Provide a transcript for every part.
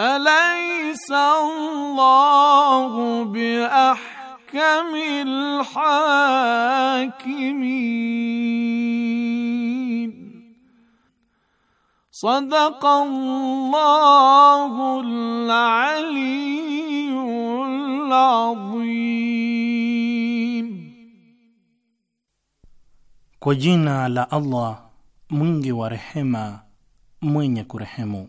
أليس الله بأحكم الحاكمين صدق الله العلي العظيم Kwa jina la Allah mwingi wa rehema mwenye kurehemu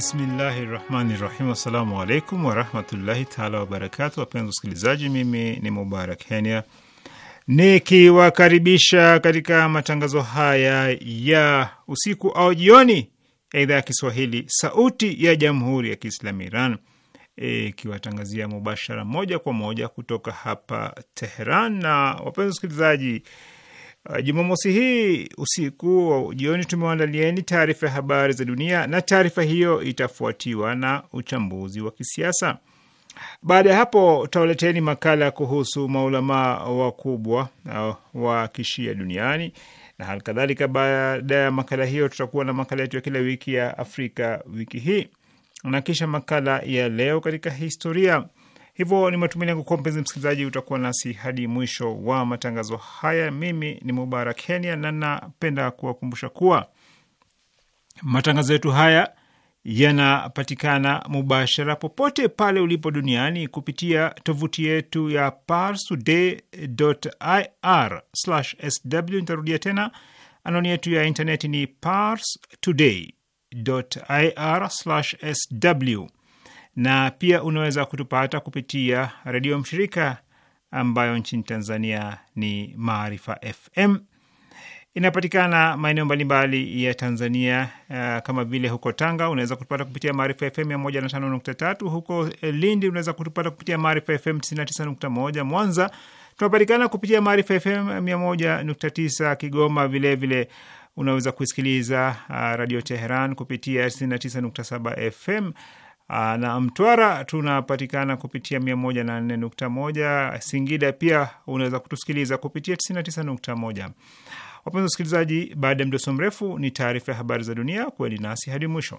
Bismillahi rahmani rahim. Assalamu alaikum warahmatullahi taala wabarakatu. Wapenzi wasikilizaji, mimi ni Mubarak Kenya nikiwakaribisha katika matangazo haya ya usiku au jioni ya idhaa ya Kiswahili Sauti ya Jamhuri ya Kiislamu Iran ikiwatangazia e, mubashara moja kwa moja kutoka hapa Teheran. Na wapenzi wasikilizaji Uh, Jumamosi hii usiku wa jioni tumewaandalieni taarifa ya habari za dunia, na taarifa hiyo itafuatiwa na uchambuzi wa kisiasa. Baada ya hapo, tutawaleteni makala kuhusu maulamaa wakubwa uh, wa kishia duniani na hali kadhalika. Baada ya makala hiyo, tutakuwa na makala yetu ya kila wiki ya Afrika wiki hii, na kisha makala ya leo katika historia. Hivyo ni matumaini yangu kuwa mpenzi msikilizaji utakuwa nasi hadi mwisho wa matangazo haya. Mimi ni Mubarak Kenya na napenda kuwakumbusha kuwa matangazo yetu haya yanapatikana mubashara popote pale ulipo duniani kupitia tovuti yetu ya parstoday.ir/sw. Nitarudia tena, anwani yetu ya intaneti ni parstoday.ir/sw na pia unaweza kutupata kupitia redio mshirika ambayo nchini Tanzania ni Maarifa FM. Inapatikana maeneo mbalimbali ya Tanzania uh, kama vile huko Tanga unaweza kutupata kupitia Maarifa FM 105.3. Huko Lindi unaweza kutupata kupitia Maarifa FM 99.1. Mwanza tunapatikana kupitia Maarifa FM 101.9. Kigoma vilevile vile unaweza kusikiliza uh, Radio Teheran kupitia 99.7 FM uh, Ah, na Mtwara tunapatikana kupitia mia nukta Singida pia unaweza kutusikiliza kupitia 99.1. Wapenzi wasikilizaji, baada ya mdoso mrefu ni taarifa ya habari za dunia. Kuweni nasi hadi mwisho.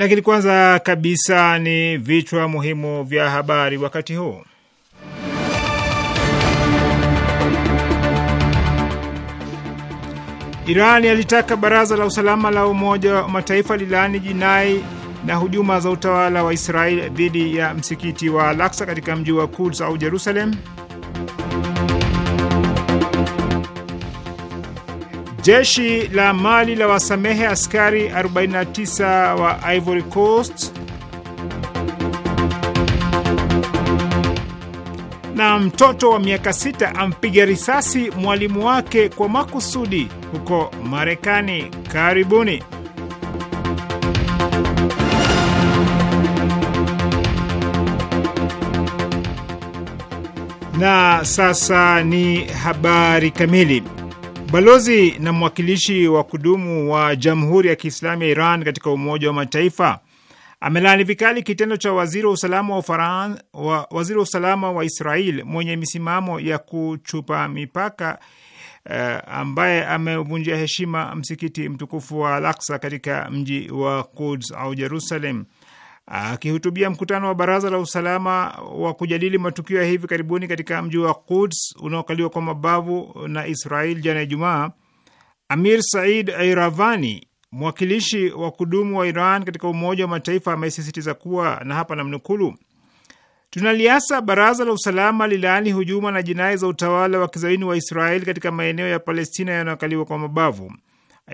Lakini kwanza kabisa ni vichwa muhimu vya habari wakati huu. Iran yalitaka baraza la usalama la Umoja wa Mataifa lilaani jinai na hujuma za utawala wa israel dhidi ya msikiti wa Al-Aqsa katika mji wa Quds au Jerusalem. Jeshi la Mali la wasamehe askari 49 wa Ivory Coast. Na mtoto wa miaka sita ampiga risasi mwalimu wake kwa makusudi huko Marekani. Karibuni. Na sasa ni habari kamili. Balozi na mwakilishi wa kudumu wa Jamhuri ya Kiislamu ya Iran katika Umoja wa Mataifa amelaani vikali kitendo cha waziri wa usalama wa wa, waziri wa usalama wa Israel mwenye misimamo ya kuchupa mipaka uh, ambaye amevunjia heshima msikiti mtukufu wa Al-Aqsa katika mji wa Quds au Jerusalem. Akihutubia mkutano wa baraza la usalama wa kujadili matukio ya hivi karibuni katika mji wa Quds unaokaliwa kwa mabavu na Israel jana Ijumaa, Amir Said Airavani, mwakilishi wa kudumu wa Iran katika Umoja wa Mataifa, amesisitiza kuwa na hapa namnukulu, tunaliasa baraza la usalama lilaani hujuma na jinai za utawala wa kizaini wa Israel katika maeneo ya Palestina yanayokaliwa kwa mabavu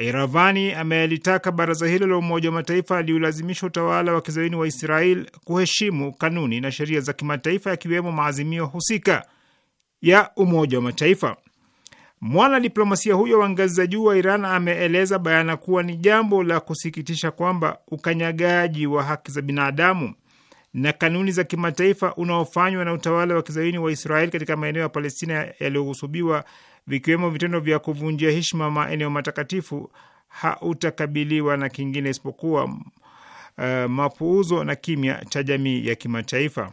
Iravani amelitaka baraza hilo la Umoja wa Mataifa aliulazimisha utawala wa kizaini wa Israel kuheshimu kanuni na sheria za kimataifa yakiwemo maazimio husika ya Umoja wa Mataifa. Mwana diplomasia huyo wa ngazi za juu wa Iran ameeleza bayana kuwa ni jambo la kusikitisha kwamba ukanyagaji wa haki za binadamu na kanuni za kimataifa unaofanywa na utawala wa kizaini wa Israel katika maeneo ya Palestina yaliyohusubiwa vikiwemo vitendo vya kuvunjia heshima maeneo matakatifu, hautakabiliwa na kingine isipokuwa uh, mapuuzo na kimya cha jamii ya kimataifa.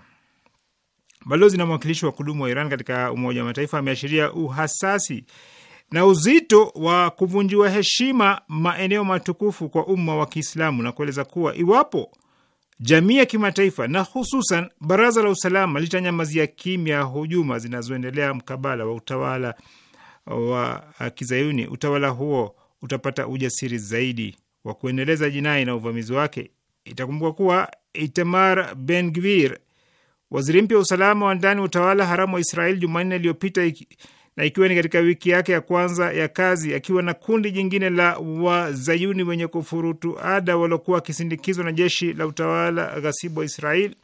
Balozi na mwakilishi wa kudumu wa Iran katika Umoja wa Mataifa ameashiria uhasasi na uzito wa kuvunjiwa heshima maeneo matukufu kwa umma wa Kiislamu na kueleza kuwa iwapo jamii ya kimataifa na hususan Baraza la Usalama litanyamazia kimya hujuma zinazoendelea mkabala wa utawala wa kizayuni, utawala huo utapata ujasiri zaidi wa kuendeleza jinai na uvamizi wake. Itakumbuka kuwa Itamar Ben Gvir, waziri mpya wa usalama wa ndani wa utawala haramu wa Israeli, Jumanne iliyopita iki, na ikiwa ni katika wiki yake ya kwanza ya kazi akiwa na kundi jingine la wazayuni wenye kufurutu ada waliokuwa wakisindikizwa na jeshi la utawala ghasibu wa Israeli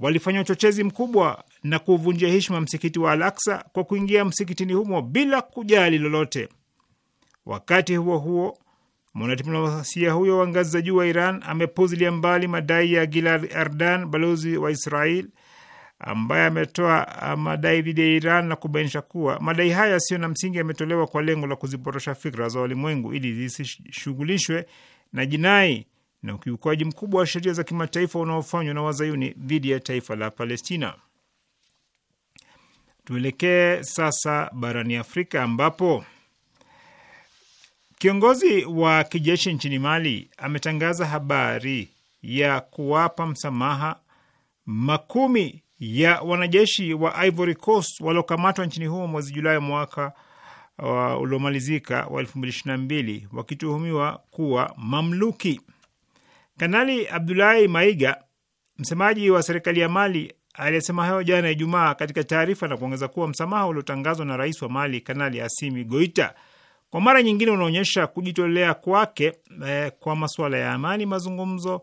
walifanya uchochezi mkubwa na kuvunjia heshima msikiti wa Al-Aqsa kwa kuingia msikitini humo bila kujali lolote. Wakati huo huo, mwanadiplomasia huyo wa ngazi za juu wa Iran amepuzilia mbali madai ya Gilad Erdan, balozi wa Israel, ambaye ametoa ah, madai dhidi ya Iran na kubainisha kuwa madai haya yasiyo na msingi yametolewa kwa lengo la kuziporosha fikra za walimwengu ili zisishughulishwe na jinai na ukiukwaji mkubwa wa sheria za kimataifa unaofanywa na wazayuni dhidi ya taifa la Palestina. Tuelekee sasa barani Afrika ambapo kiongozi wa kijeshi nchini Mali ametangaza habari ya kuwapa msamaha makumi ya wanajeshi wa Ivory Coast waliokamatwa nchini humo mwezi Julai mwaka uh, uliomalizika wa 22 wakituhumiwa kuwa mamluki. Kanali Abdulahi Maiga, msemaji wa serikali ya Mali, aliyesema hayo jana Ijumaa katika taarifa na kuongeza kuwa msamaha uliotangazwa na rais wa Mali Kanali Asimi Goita kwa mara nyingine unaonyesha kujitolea kwake eh, kwa masuala ya amani, mazungumzo,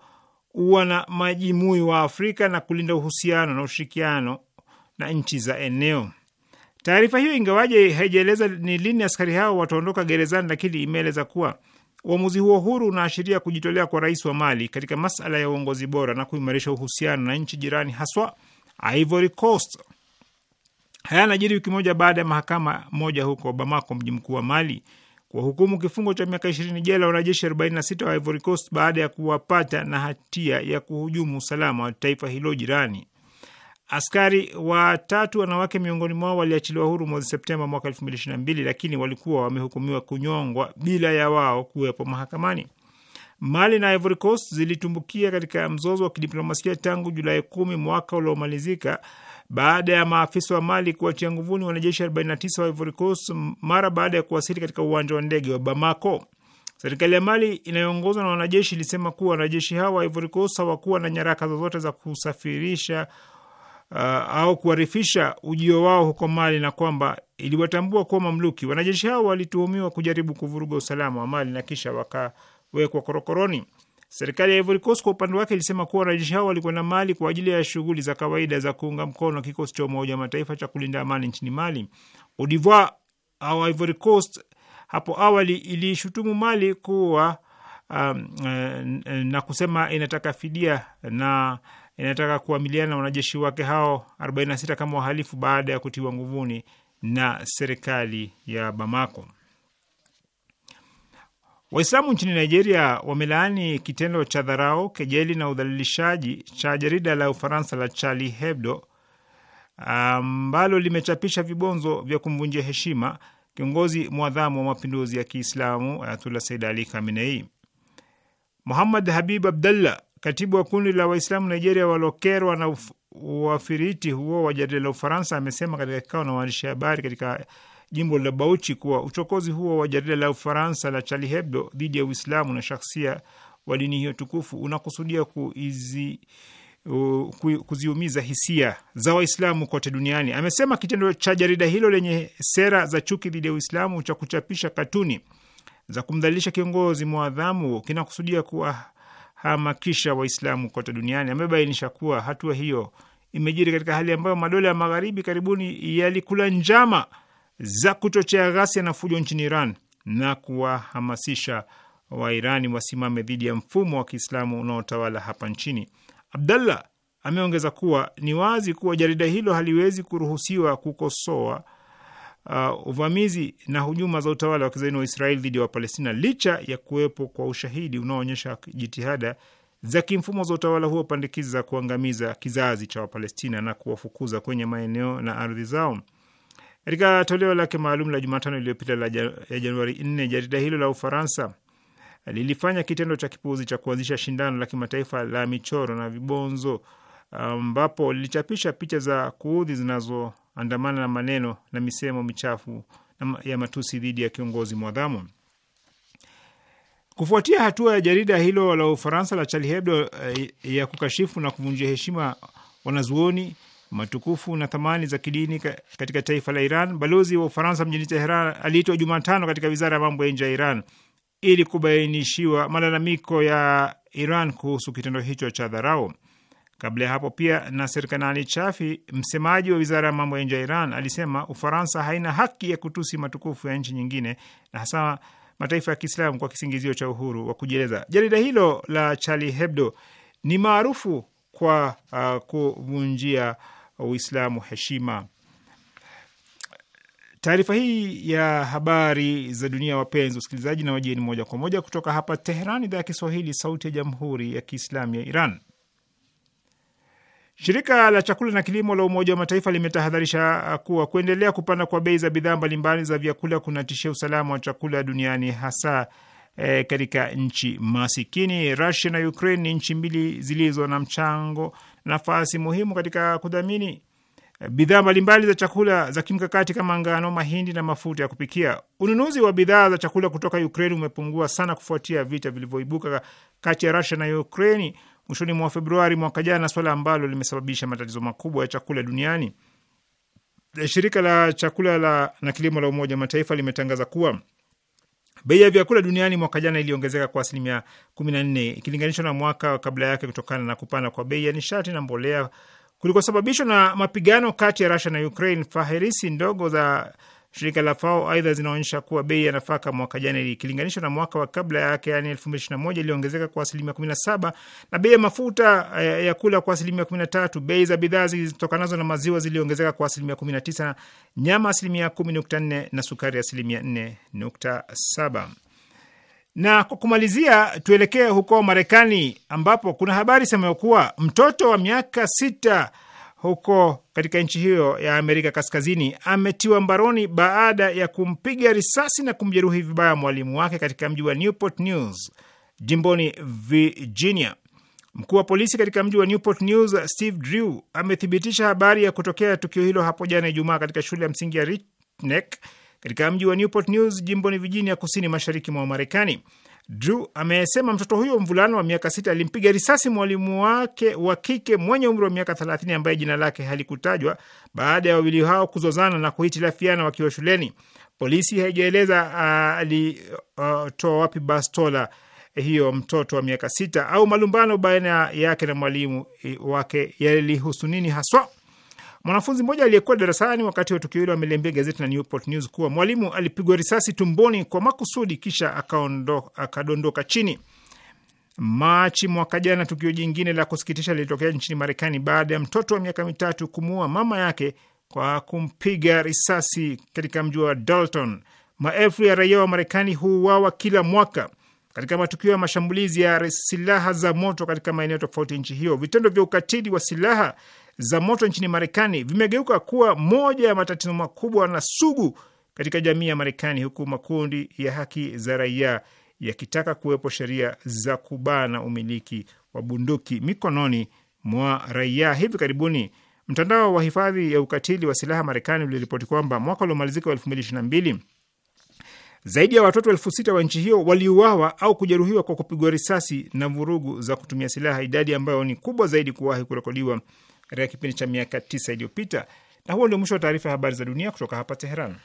uwana majimui wa Afrika na kulinda uhusiano na ushirikiano na nchi za eneo. Taarifa hiyo ingawaje haijaeleza ni lini askari hao wataondoka gerezani, lakini imeeleza kuwa Uamuzi huo huru unaashiria kujitolea kwa rais wa Mali katika masala ya uongozi bora na kuimarisha uhusiano na nchi jirani, haswa Ivory Coast. Haya anajiri wiki moja baada ya mahakama moja huko Bamako, mji mkuu wa Mali, kuwahukumu kifungo cha miaka ishirini jela wanajeshi 46 wa Ivory Coast baada ya kuwapata na hatia ya kuhujumu usalama wa taifa hilo jirani. Askari watatu wanawake miongoni mwao waliachiliwa huru mwezi Septemba mwaka 2022 lakini walikuwa wamehukumiwa kunyongwa bila ya wao kuwepo mahakamani. Mali na Ivory Coast zilitumbukia katika mzozo wa kidiplomasia tangu Julai kumi mwaka uliomalizika baada ya maafisa wa Mali kuwatia nguvuni wanajeshi 49 wa Ivory Coast mara baada ya kuwasili katika uwanja wa ndege wa Bamako. Serikali ya Mali inayoongozwa na wanajeshi ilisema kuwa wanajeshi hao wa Ivory Coast hawakuwa na nyaraka zozote za kusafirisha uh, au kuharifisha ujio wao huko Mali na kwamba iliwatambua kuwa mamluki. Wanajeshi hao walituhumiwa kujaribu kuvuruga usalama wa Mali na kisha wakawekwa korokoroni. Serikali ya Ivory Coast kwa upande wake ilisema kuwa wanajeshi hao walikwenda Mali kwa ajili ya shughuli za kawaida za kuunga mkono kikosi cha Umoja wa Mataifa cha kulinda amani nchini Mali. Odivoi au Ivory Coast hapo awali ilishutumu Mali kuwa um, eh, na kusema inataka fidia na inataka kuamiliana na wanajeshi wake hao 46 kama wahalifu baada ya kutiwa nguvuni na serikali ya Bamako. Waislamu nchini Nigeria wamelaani kitendo cha dharau, kejeli na udhalilishaji cha jarida la Ufaransa la Charlie Hebdo ambalo limechapisha vibonzo vya kumvunjia heshima kiongozi mwadhamu wa mapinduzi ya Kiislamu Ayatullah Said Ali Khamenei. Muhammad Habib Abdallah, Katibu wa kundi la Waislamu Nigeria walokerwa na uafiriti huo wa jarida la Ufaransa amesema katika kikao na waandishi habari katika jimbo la Bauchi kuwa uchokozi huo wa jarida la Ufaransa la Charlie Hebdo dhidi ya Uislamu na shakhsia wa dini hiyo tukufu unakusudia kuizi kuziumiza hisia za Waislamu kote duniani. Amesema kitendo cha jarida hilo lenye sera za chuki dhidi ya Uislamu cha kuchapisha katuni za kumdhalilisha kiongozi mwadhamu kinakusudia kuwa hamakisha Waislamu kote duniani. Amebainisha kuwa hatua hiyo imejiri katika hali ambayo madola ya magharibi karibuni yalikula njama za kuchochea ghasia na fujo nchini Iran na kuwahamasisha Wairani wasimame dhidi ya mfumo wa Kiislamu unaotawala hapa nchini. Abdallah ameongeza kuwa ni wazi kuwa jarida hilo haliwezi kuruhusiwa kukosoa uh, uvamizi na hujuma za utawala wa kizaini wa Israeli dhidi ya Wapalestina licha ya kuwepo kwa ushahidi unaoonyesha jitihada za kimfumo za utawala huo pandikizi za kuangamiza kizazi cha Wapalestina na kuwafukuza kwenye maeneo na ardhi zao. Katika toleo lake maalum la Jumatano iliyopita ya Januari 4, jarida hilo la Ufaransa lilifanya kitendo cha kipuzi cha kuanzisha shindano la kimataifa la michoro na vibonzo, ambapo lilichapisha picha za kuudhi zinazo andamana na maneno na misemo michafu ya matusi dhidi ya kiongozi mwadhamu. Kufuatia hatua ya jarida hilo la Ufaransa la Charlie Hebdo eh, ya kukashifu na kuvunjia heshima wanazuoni matukufu na thamani za kidini katika taifa la Iran, balozi wa Ufaransa mjini Teheran aliitwa Jumatano katika wizara ya mambo ya nje ya Iran ili kubainishiwa malalamiko ya Iran kuhusu kitendo hicho cha dharau. Kabla ya hapo pia Naser Kanani Chafi, msemaji wa wizara ya mambo ya nje ya Iran, alisema Ufaransa haina haki ya kutusi matukufu ya nchi nyingine na hasa mataifa ya Kiislamu kwa kisingizio cha uhuru wa kujieleza. Jarida hilo la Charlie Hebdo ni maarufu kwa uh, kuvunjia Uislamu heshima. Taarifa hii ya habari za dunia, wapenzi wasikilizaji, na wageni, moja kwa moja kutoka hapa Teheran, idhaa ya Kiswahili, sauti ya jamhuri ya Kiislamu ya Iran. Shirika la chakula na kilimo la Umoja wa Mataifa limetahadharisha kuwa kuendelea kupanda kwa bei za bidhaa mbalimbali za vyakula kunatishia usalama wa chakula duniani hasa E, katika nchi masikini. rusia na Ukraine ni nchi mbili zilizo na mchango nafasi muhimu katika kudhamini eh, bidhaa mbalimbali za chakula za kimkakati kama ngano, mahindi na mafuta ya kupikia. Ununuzi wa bidhaa za chakula kutoka Ukraine umepungua sana kufuatia vita vilivyoibuka kati ya rusia na Ukraine mwishoni mwa Februari mwaka jana, swala ambalo limesababisha matatizo makubwa ya chakula duniani. Shirika la chakula la na kilimo la Umoja wa Mataifa limetangaza kuwa bei ya vyakula duniani mwaka jana iliongezeka kwa asilimia 14 ikilinganishwa na mwaka kabla yake kutokana na kupanda kwa bei ya nishati na mbolea kulikosababishwa na mapigano kati ya rusia na Ukraine. Fahirisi ndogo za shirika la FAO aidha zinaonyesha kuwa bei ya nafaka mwaka jana ikilinganishwa na mwaka wa kabla yake, yani elfu moja iliongezeka kwa asilimia kumi na saba na bei ya mafuta eh, ya kula kwa asilimia kumi na tatu. Bei za bidhaa zilizotokanazo na maziwa ziliongezeka kwa asilimia kumi na tisa, nyama asilimia kumi nukta nne na sukari asilimia nne nukta saba. Na kwa kumalizia, tuelekee huko Marekani ambapo kuna habari semayo kuwa mtoto wa miaka sita huko katika nchi hiyo ya Amerika Kaskazini ametiwa mbaroni baada ya kumpiga risasi na kumjeruhi vibaya mwalimu wake katika mji wa Newport News jimboni Virginia. Mkuu wa polisi katika mji wa Newport News, Steve Drew, amethibitisha habari ya kutokea tukio hilo hapo jana Ijumaa katika shule ya msingi ya Richneck katika mji wa Newport News jimboni Virginia, kusini mashariki mwa Marekani. Drew amesema mtoto huyo mvulana wa miaka sita alimpiga risasi mwalimu wake wa kike mwenye umri wa miaka thelathini ambaye jina lake halikutajwa baada ya wawili hao kuzozana na kuhitilafiana wakiwa shuleni. Polisi haijaeleza ah, alitoa ah, uh, wapi bastola hiyo mtoto wa miaka sita au malumbano baina yake na mwalimu eh, wake yalihusu nini haswa. Mwanafunzi mmoja aliyekuwa darasani wakati wa tukio hilo ameliambia gazeti la Newport News kuwa mwalimu alipigwa risasi tumboni kwa makusudi kisha akadondoka chini. Machi mwaka jana, tukio jingine la kusikitisha lilitokea nchini Marekani baada ya mtoto wa miaka mitatu kumuua mama yake kwa kumpiga risasi katika mji wa Dalton. Maelfu ya raia wa Marekani huuawa kila mwaka katika matukio ya mashambulizi ya silaha za moto katika maeneo tofauti nchi hiyo. Vitendo vya ukatili wa silaha za moto nchini Marekani vimegeuka kuwa moja ya matatizo makubwa na sugu katika jamii ya Marekani, huku makundi ya haki za raia yakitaka kuwepo sheria za kubana umiliki wa bunduki mikononi mwa raia. Hivi karibuni mtandao wa hifadhi ya ukatili wa silaha Marekani uliripoti kwamba mwaka uliomalizika wa mbili zaidi ya watoto elfu sita wa nchi hiyo waliuawa au kujeruhiwa kwa kupigwa risasi na vurugu za kutumia silaha, idadi ambayo ni kubwa zaidi kuwahi kurekodiwa katika kipindi cha miaka tisa iliyopita. Na huo ndio mwisho wa taarifa ya habari za dunia kutoka hapa Teheran.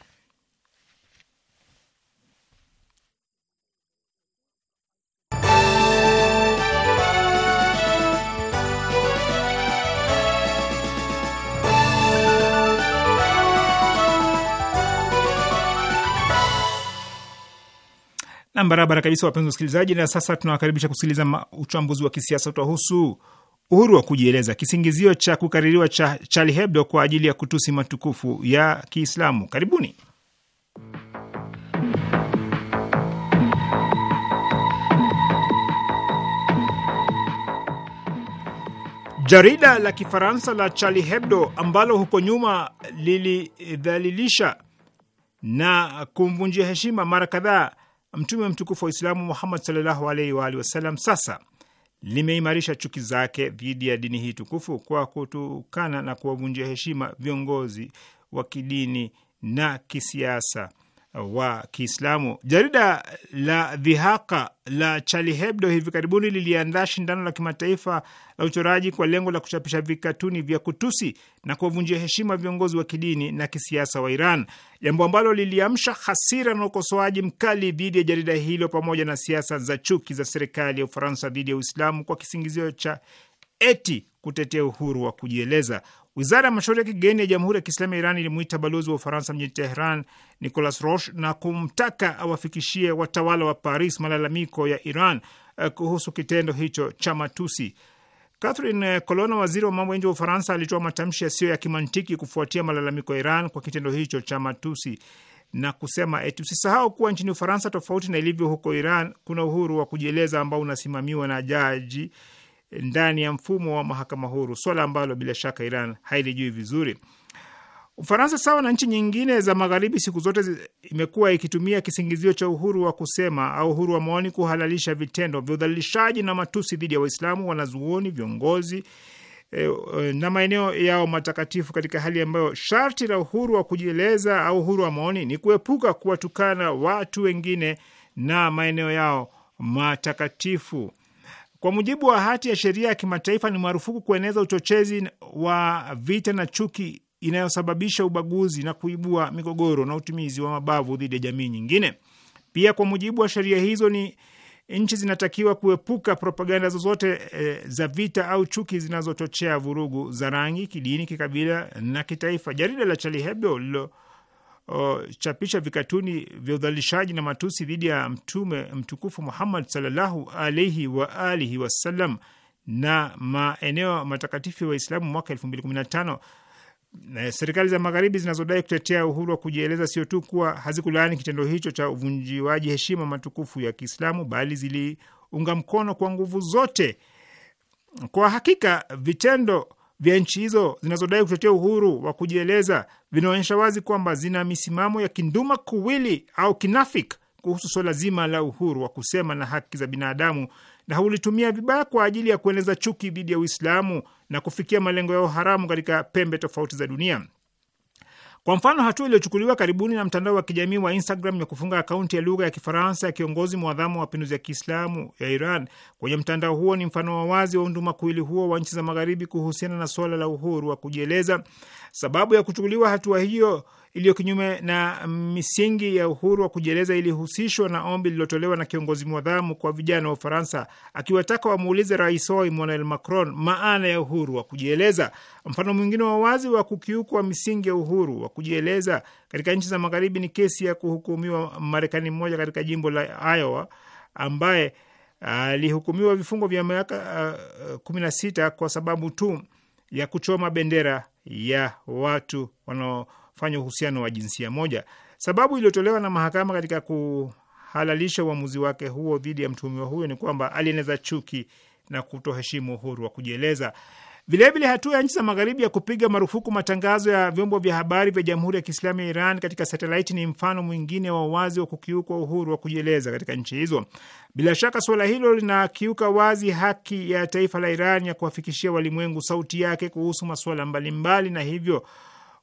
Nam, barabara kabisa, wapenzi wasikilizaji. Na sasa tunawakaribisha kusikiliza uchambuzi wa kisiasa utahusu uhuru wa kujieleza, kisingizio cha kukaririwa cha Charlie Hebdo kwa ajili ya kutusi matukufu ya Kiislamu. Karibuni. Jarida la Kifaransa la Charlie Hebdo ambalo huko nyuma lilidhalilisha na kumvunjia heshima mara kadhaa mtume mtukufu wa Uislamu Muhammad sallallahu alaihi wa alihi wasallam, sasa limeimarisha chuki zake dhidi ya dini hii tukufu kwa kutukana na kuwavunjia heshima viongozi wa kidini na kisiasa wa Kiislamu. Jarida la Dhihaka la Charlie Hebdo hivi karibuni liliandaa shindano la kimataifa la uchoraji kwa lengo la kuchapisha vikatuni vya kutusi na kuwavunjia heshima viongozi wa kidini na kisiasa wa Iran, jambo ambalo liliamsha hasira na ukosoaji mkali dhidi ya jarida hilo pamoja na siasa za chuki za serikali ya Ufaransa dhidi ya Uislamu kwa kisingizio cha eti kutetea uhuru wa kujieleza. Wizara ya mashauri ya kigeni ya Jamhuri ya Kiislamu ya Iran ilimuita balozi wa Ufaransa mjini Tehran, Nicolas Roche, na kumtaka awafikishie watawala wa Paris malalamiko ya Iran eh, kuhusu kitendo hicho cha matusi. Catherine eh, Colonna, waziri wa mambo ya nje wa Ufaransa, alitoa matamshi yasiyo ya kimantiki kufuatia malalamiko ya Iran kwa kitendo hicho cha matusi na kusema eti usisahau kuwa nchini Ufaransa, tofauti na ilivyo huko Iran, kuna uhuru wa kujieleza ambao unasimamiwa na jaji ndani ya mfumo wa mahakama huru, swala ambalo bila shaka Iran hailijui vizuri. Ufaransa sawa na nchi nyingine za Magharibi, siku zote imekuwa ikitumia kisingizio cha uhuru wa kusema au uhuru wa maoni kuhalalisha vitendo vya udhalilishaji na matusi dhidi ya Waislamu, wanazuoni, viongozi e, e, na maeneo yao matakatifu, katika hali ambayo sharti la uhuru wa kujieleza au uhuru wa maoni ni kuepuka kuwatukana watu wengine na maeneo yao matakatifu. Kwa mujibu wa hati ya sheria ya kimataifa, ni marufuku kueneza uchochezi wa vita na chuki inayosababisha ubaguzi na kuibua migogoro na utumizi wa mabavu dhidi ya jamii nyingine. Pia kwa mujibu wa sheria hizo ni nchi zinatakiwa kuepuka propaganda zozote e, za vita au chuki zinazochochea vurugu za rangi, kidini, kikabila na kitaifa. Jarida la Charlie Hebdo lilo chapisha vikatuni vya udhalishaji na matusi dhidi ya mtume mtukufu Muhammad sallallahu alaihi wa alihi wasallam na maeneo matakatifu ya Waislamu mwaka 2015. Serikali za magharibi zinazodai kutetea uhuru wa kujieleza sio tu kuwa hazikulaani kitendo hicho cha uvunjiwaji heshima matukufu ya Kiislamu, bali ziliunga mkono kwa nguvu zote. Kwa hakika vitendo vya nchi hizo zinazodai kutetea uhuru wa kujieleza vinaonyesha wazi kwamba zina misimamo ya kinduma kuwili au kinafik kuhusu swala zima la uhuru wa kusema na haki za binadamu na hulitumia vibaya kwa ajili ya kueneza chuki dhidi ya Uislamu na kufikia malengo yao haramu katika pembe tofauti za dunia. Kwa mfano, hatua iliyochukuliwa karibuni na mtandao wa kijamii wa Instagram ya kufunga akaunti ya lugha ya Kifaransa ya kiongozi mwadhamu wa mapinduzi ya Kiislamu ya Iran kwenye mtandao huo ni mfano wa wazi wa undumakuwili huo wa nchi za Magharibi kuhusiana na suala la uhuru wa kujieleza. Sababu ya kuchukuliwa hatua hiyo iliyo kinyume na misingi ya uhuru wa kujieleza ilihusishwa na ombi lililotolewa na kiongozi mwadhamu kwa vijana wa Ufaransa akiwataka wamuulize rais wao Emmanuel Macron maana ya uhuru wa kujieleza. Mfano mwingine wa wazi wa kukiukwa misingi ya uhuru wa kujieleza katika nchi za Magharibi ni kesi ya kuhukumiwa Marekani mmoja katika jimbo la Iowa ambaye ah, alihukumiwa uh, vifungo vya miaka ah, kumi na sita kwa sababu tu ya kuchoma bendera ya watu wanao kufanya uhusiano wa jinsia moja. Sababu iliyotolewa na mahakama katika kuhalalisha uamuzi wake huo dhidi ya mtuhumiwa huyo ni kwamba alieneza chuki na kutoheshimu uhuru wa kujieleza. Vilevile, hatua ya nchi za magharibi ya kupiga marufuku matangazo ya vyombo vya habari vya Jamhuri ya Kiislamu ya Iran katika satelaiti ni mfano mwingine wa wazi wa kukiukwa uhuru wa kujieleza katika nchi hizo. Bila shaka, suala hilo linakiuka wazi haki ya taifa la Iran ya kuwafikishia walimwengu sauti yake kuhusu masuala mbalimbali, na hivyo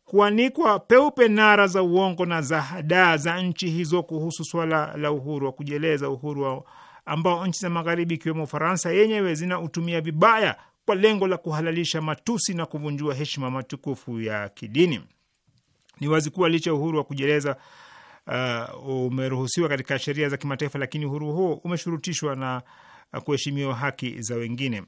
kuanikwa peupe nara za uongo na za hadaa za nchi hizo kuhusu swala la uhuru wa kujieleza, uhuru wa ambao nchi za magharibi ikiwemo Ufaransa yenyewe zinautumia vibaya kwa lengo la kuhalalisha matusi na kuvunjua heshima matukufu ya kidini. Ni wazi kuwa licha ya uhuru wa kujieleza uh, umeruhusiwa katika sheria za kimataifa, lakini uhuru huo umeshurutishwa na uh, kuheshimiwa haki za wengine.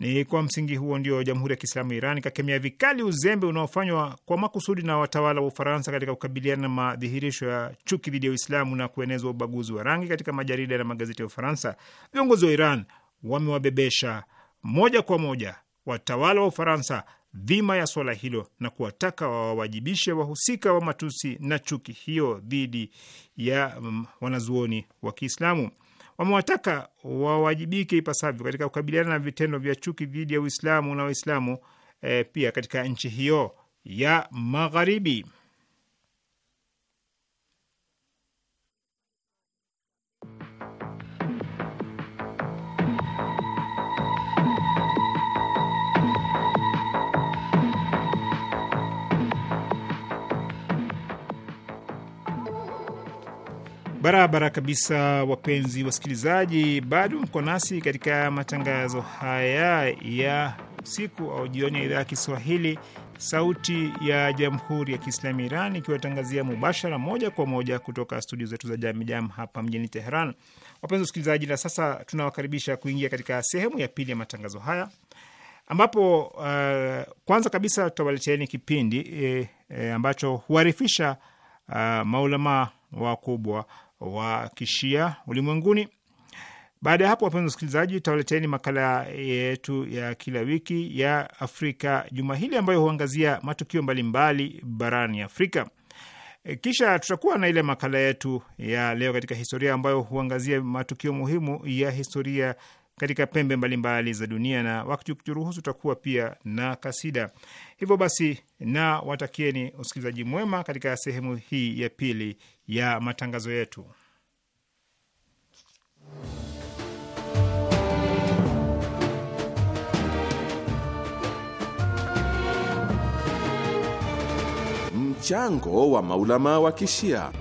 Ni kwa msingi huo ndio Jamhuri ya Kiislamu ya Iran ikakemea vikali uzembe unaofanywa kwa makusudi na watawala wa Ufaransa katika kukabiliana na madhihirisho ya chuki dhidi ya Uislamu na kuenezwa ubaguzi wa rangi katika majarida na magazeti ya Ufaransa. Viongozi wa Iran wamewabebesha moja kwa moja watawala wa Ufaransa dhima ya swala hilo na kuwataka wawawajibishe wahusika wa matusi na chuki hiyo dhidi ya mm, wanazuoni wa Kiislamu wamewataka wawajibike ipasavyo katika kukabiliana na vitendo vya chuki dhidi ya Uislamu na Waislamu e, pia katika nchi hiyo ya Magharibi. Barabara kabisa, wapenzi wasikilizaji, bado mko nasi katika matangazo haya ya usiku au jioni ya idhaa ya Kiswahili Sauti ya Jamhuri ya Kiislamu Iran ikiwatangazia mubashara moja kwa moja kutoka studio zetu za Jamjam hapa mjini Teheran. Wapenzi wasikilizaji, na sasa tunawakaribisha kuingia katika sehemu ya pili ya matangazo haya ambapo uh, kwanza kabisa tutawaleteeni kipindi eh, eh, ambacho huarifisha uh, maulama wakubwa wa kishia ulimwenguni. Baada ya hapo, wapenzi wasikilizaji, tawaleteni makala yetu ya kila wiki ya Afrika juma hili ambayo huangazia matukio mbalimbali mbali barani Afrika. E, kisha tutakuwa na ile makala yetu ya leo katika historia ambayo huangazia matukio muhimu ya historia katika pembe mbalimbali za dunia, na wakati ukituruhusu utakuwa pia na kasida. Hivyo basi, na watakieni usikilizaji mwema katika sehemu hii ya pili ya matangazo yetu. Mchango wa maulama wa Kishia.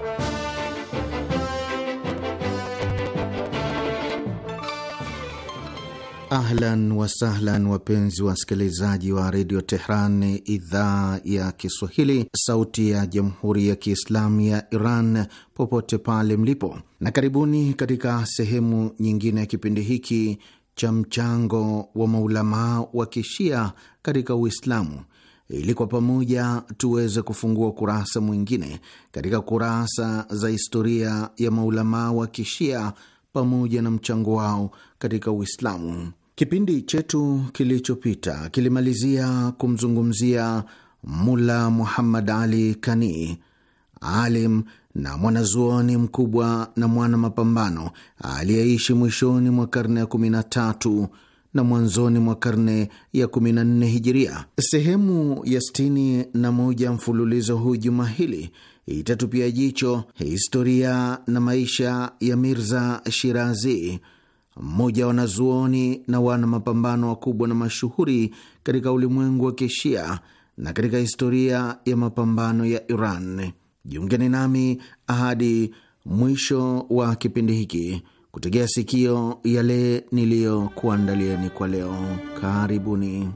Ahlan wasahlan, wapenzi wasikilizaji wa redio Tehran, idhaa ya Kiswahili, sauti ya jamhuri ya kiislamu ya Iran, popote pale mlipo, na karibuni katika sehemu nyingine ya kipindi hiki cha mchango wa maulamaa wa kishia katika Uislamu, ili kwa pamoja tuweze kufungua kurasa mwingine katika kurasa za historia ya maulamaa wa kishia pamoja na mchango wao katika Uislamu. Kipindi chetu kilichopita kilimalizia kumzungumzia Mula Muhammad Ali Kani, alim na mwanazuoni mkubwa na mwana mapambano aliyeishi mwishoni mwa karne ya 13 na mwanzoni mwa karne ya 14 Hijiria. Sehemu ya 61 mfululizo huu juma hili itatupia jicho historia na maisha ya Mirza Shirazi, mmoja wa wanazuoni na wana mapambano wakubwa na mashuhuri katika ulimwengu wa Kishia na katika historia ya mapambano ya Iran. Jiungeni nami hadi mwisho wa kipindi hiki kutegea sikio yale niliyokuandalieni kwa leo. Karibuni.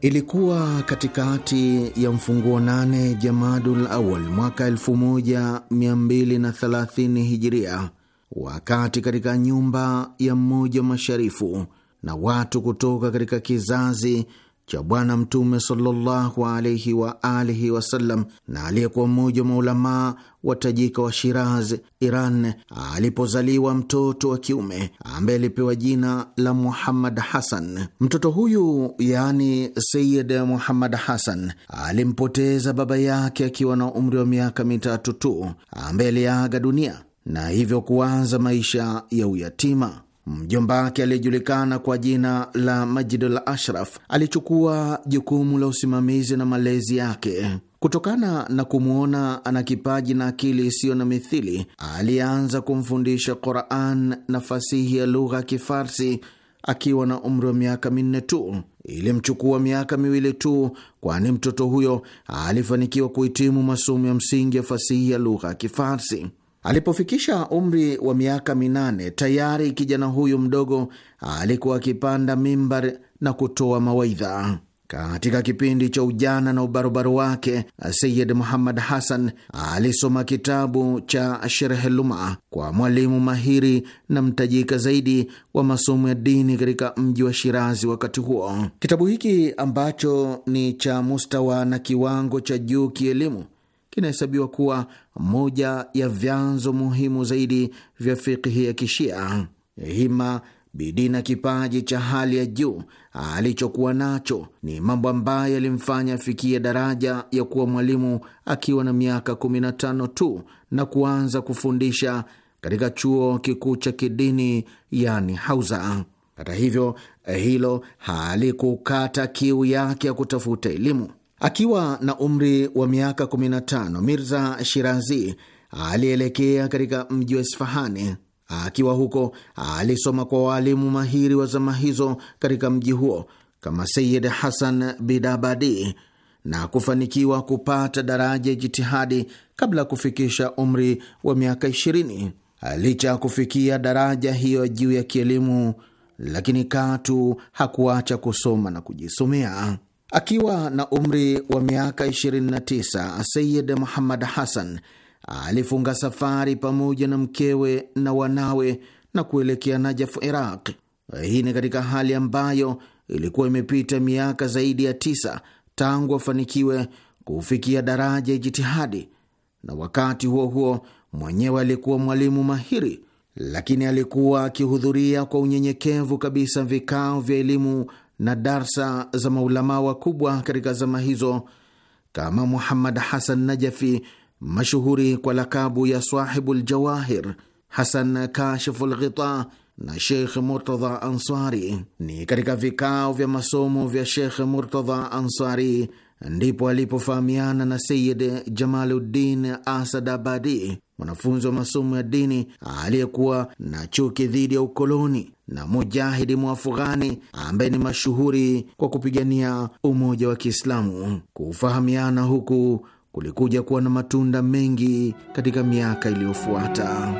Ilikuwa katikati ya mfunguo nane Jamadul Awal mwaka 1230 Hijiria, wakati katika nyumba ya mmoja masharifu na watu kutoka katika kizazi cha Bwana Mtume sallallahu alaihi wa alihi wasallam na aliyekuwa mmoja wa maulamaa tajika wa Shiraz, Iran, alipozaliwa mtoto wa kiume ambaye alipewa jina la Muhammad Hasan. Mtoto huyu yaani Sayid Muhammad Hasan alimpoteza baba yake akiwa na umri wa miaka mitatu tu, ambaye aliaga dunia na hivyo kuanza maisha ya uyatima. Mjomba wake aliyejulikana kwa jina la Majidul Ashraf alichukua jukumu la usimamizi na malezi yake. Kutokana na kumwona ana kipaji na akili isiyo na mithili, alianza kumfundisha Quran na fasihi ya lugha ya Kifarsi akiwa na umri wa miaka minne tu. Ilimchukua miaka miwili tu, kwani mtoto huyo alifanikiwa kuhitimu masomo ya msingi ya fasihi ya lugha ya Kifarsi. Alipofikisha umri wa miaka minane, tayari kijana huyu mdogo alikuwa akipanda mimbar na kutoa mawaidha. Katika kipindi cha ujana na ubarobaro wake, Sayid Muhammad Hassan alisoma kitabu cha luma kwa mwalimu mahiri na mtajika zaidi wa masomo ya dini katika mji wa Shirazi wakati huo. Kitabu hiki ambacho ni cha mustawa na kiwango cha juu kielimu kinahesabiwa kuwa moja ya vyanzo muhimu zaidi vya fikhi ya Kishia. Hima, bidii na kipaji cha hali ya juu alichokuwa nacho ni mambo ambayo yalimfanya afikie daraja ya kuwa mwalimu akiwa na miaka 15 tu na kuanza kufundisha katika chuo kikuu cha kidini yani Hauza. Hata hivyo, hilo halikukata kiu yake ya kutafuta elimu. Akiwa na umri wa miaka 15 Mirza Shirazi alielekea katika mji wa Isfahani. Akiwa huko alisoma kwa waalimu mahiri wa zama hizo katika mji huo kama Sayid Hasan Bidabadi na kufanikiwa kupata daraja ya jitihadi kabla ya kufikisha umri wa miaka 20. Licha ya kufikia daraja hiyo juu ya kielimu, lakini katu hakuacha kusoma na kujisomea. Akiwa na umri wa miaka 29, Sayid Muhammad Hassan alifunga safari pamoja na mkewe na wanawe na kuelekea Najaf, Iraq. Hii ni katika hali ambayo ilikuwa imepita miaka zaidi ya tisa tangu afanikiwe kufikia daraja ya jitihadi, na wakati huo huo mwenyewe alikuwa mwalimu mahiri, lakini alikuwa akihudhuria kwa unyenyekevu kabisa vikao vya elimu na darsa za maulamaa wakubwa katika zama hizo kama Muhammad Hasan Najafi, mashuhuri kwa lakabu ya Sahibu Ljawahir, Hasan Kashifu Lghita na Sheikh Murtadha Ansari. Ni katika vikao vya masomo vya Sheikh Murtadha Ansari ndipo alipofahamiana na Sayid Jamaluddin Asad Abadi, mwanafunzi wa masomo ya dini aliyekuwa na chuki dhidi ya ukoloni na mujahidi Mwafughani ambaye ni mashuhuri kwa kupigania umoja wa Kiislamu. Kufahamiana huku kulikuja kuwa na matunda mengi katika miaka iliyofuata.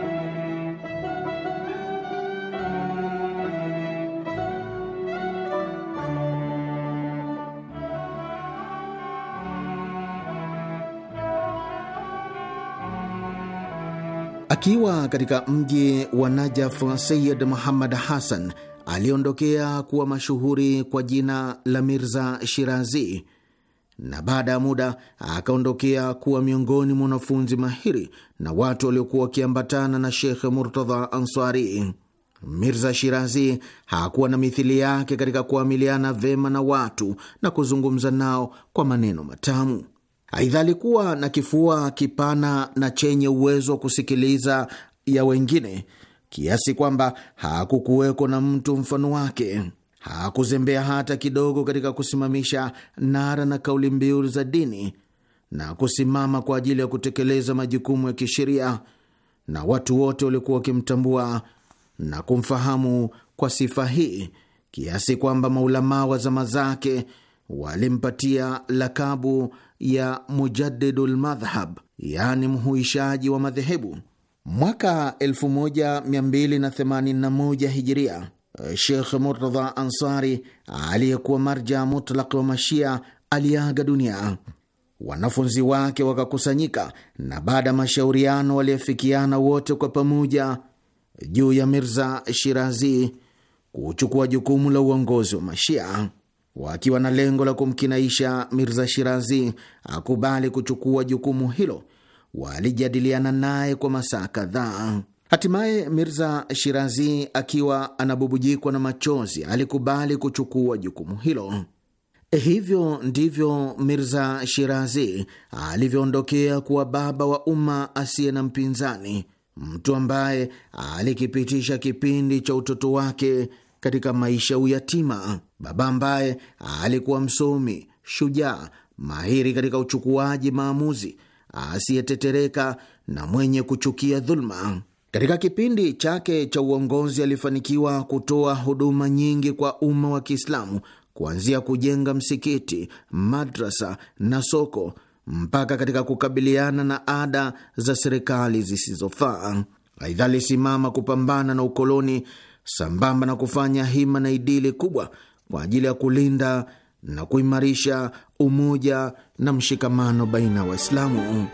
Akiwa katika mji wa Najaf, Sayid Muhammad Hassan aliondokea kuwa mashuhuri kwa jina la Mirza Shirazi, na baada ya muda akaondokea kuwa miongoni mwa wanafunzi mahiri na watu waliokuwa wakiambatana na Shekh Murtadha Ansari. Mirza Shirazi hakuwa na mithili yake katika kuamiliana vema na watu na kuzungumza nao kwa maneno matamu. Aidha, alikuwa na kifua kipana na chenye uwezo wa kusikiliza ya wengine kiasi kwamba hakukuweko na mtu mfano wake. Hakuzembea hata kidogo katika kusimamisha nara na kauli mbiu za dini na kusimama kwa ajili ya kutekeleza majukumu ya kisheria, na watu wote walikuwa wakimtambua na kumfahamu kwa sifa hii, kiasi kwamba maulamaa wa zama zake walimpatia lakabu ya Mujadidul Madhhab, yani mhuishaji wa madhehebu. Mwaka 1281 Hijiria, Shekh Murtadha Ansari aliyekuwa marja mutlaq wa Mashia aliaga dunia. Wanafunzi wake wakakusanyika na baada ya mashauriano waliyefikiana wote kwa pamoja juu ya Mirza Shirazi kuchukua jukumu la uongozi wa Mashia wakiwa na lengo la kumkinaisha Mirza Shirazi akubali kuchukua jukumu hilo. Walijadiliana naye kwa masaa kadhaa. Hatimaye Mirza Shirazi akiwa anabubujikwa na machozi alikubali kuchukua jukumu hilo. Hivyo ndivyo Mirza Shirazi alivyoondokea kuwa baba wa umma asiye na mpinzani, mtu ambaye alikipitisha kipindi cha utoto wake katika maisha ya uyatima. Baba ambaye alikuwa msomi, shujaa, mahiri katika uchukuaji maamuzi, asiyetetereka na mwenye kuchukia dhuluma. Katika kipindi chake cha uongozi alifanikiwa kutoa huduma nyingi kwa umma wa Kiislamu, kuanzia kujenga msikiti, madrasa na soko mpaka katika kukabiliana na ada za serikali zisizofaa. Aidha, alisimama kupambana na ukoloni sambamba na kufanya hima na idili kubwa kwa ajili ya kulinda na kuimarisha umoja na mshikamano baina ya Waislamu.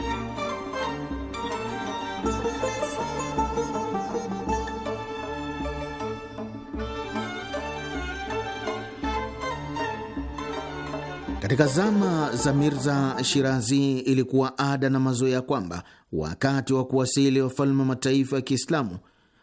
Katika zama za Mirza Shirazi ilikuwa ada na mazoea kwamba wakati wa kuwasili wafalme wa mataifa ya Kiislamu